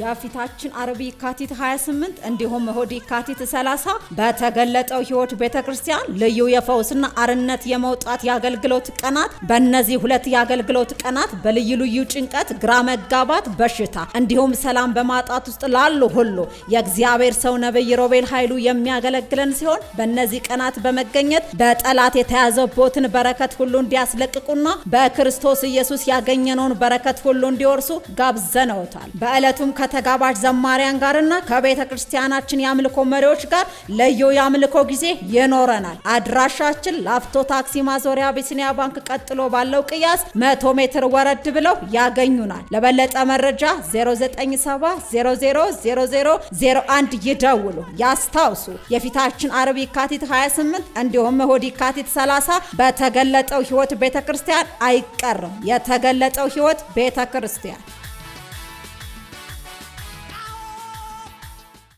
የፊታችን አርብ የካቲት 28 እንዲሁም እሁድ የካቲት 30 በተገለጠው ሕይወት ቤተ ክርስቲያን ልዩ የፈውስና አርነት የመውጣት የአገልግሎት ቀናት። በእነዚህ ሁለት የአገልግሎት ቀናት በልዩ ልዩ ጭንቀት፣ ግራ መጋባት፣ በሽታ እንዲሁም ሰላም በማጣት ውስጥ ላሉ ሁሉ የእግዚአብሔር ሰው ነብይ ሮቤል ኃይሉ የሚያገለግለን ሲሆን በእነዚህ ቀናት በመገኘት በጠላት የተያዘቦትን በረከት ሁሉ እንዲያስለቅቁና በክርስቶስ ኢየሱስ ያገኘነውን በረከት ሁሉ እንዲወርሱ ጋብዘነውታል። በዕለቱም ከተጋባዥ ዘማሪያን ጋርና ከቤተ ክርስቲያናችን የአምልኮ መሪዎች ጋር ለዮ የአምልኮ ጊዜ ይኖረናል። አድራሻችን ላፍቶ ታክሲ ማዞሪያ አቢሲኒያ ባንክ ቀጥሎ ባለው ቅያስ መቶ ሜትር ወረድ ብለው ያገኙናል። ለበለጠ መረጃ 0970001 ይደውሉ። ያስታውሱ የፊታችን አርብ የካቲት 28 እንዲሁም እሁድ የካቲት 30 በተገለጠው ሕይወት ቤተ ክርስቲያን አይቀርም። የተገለጠው ሕይወት ቤተ ክርስቲያን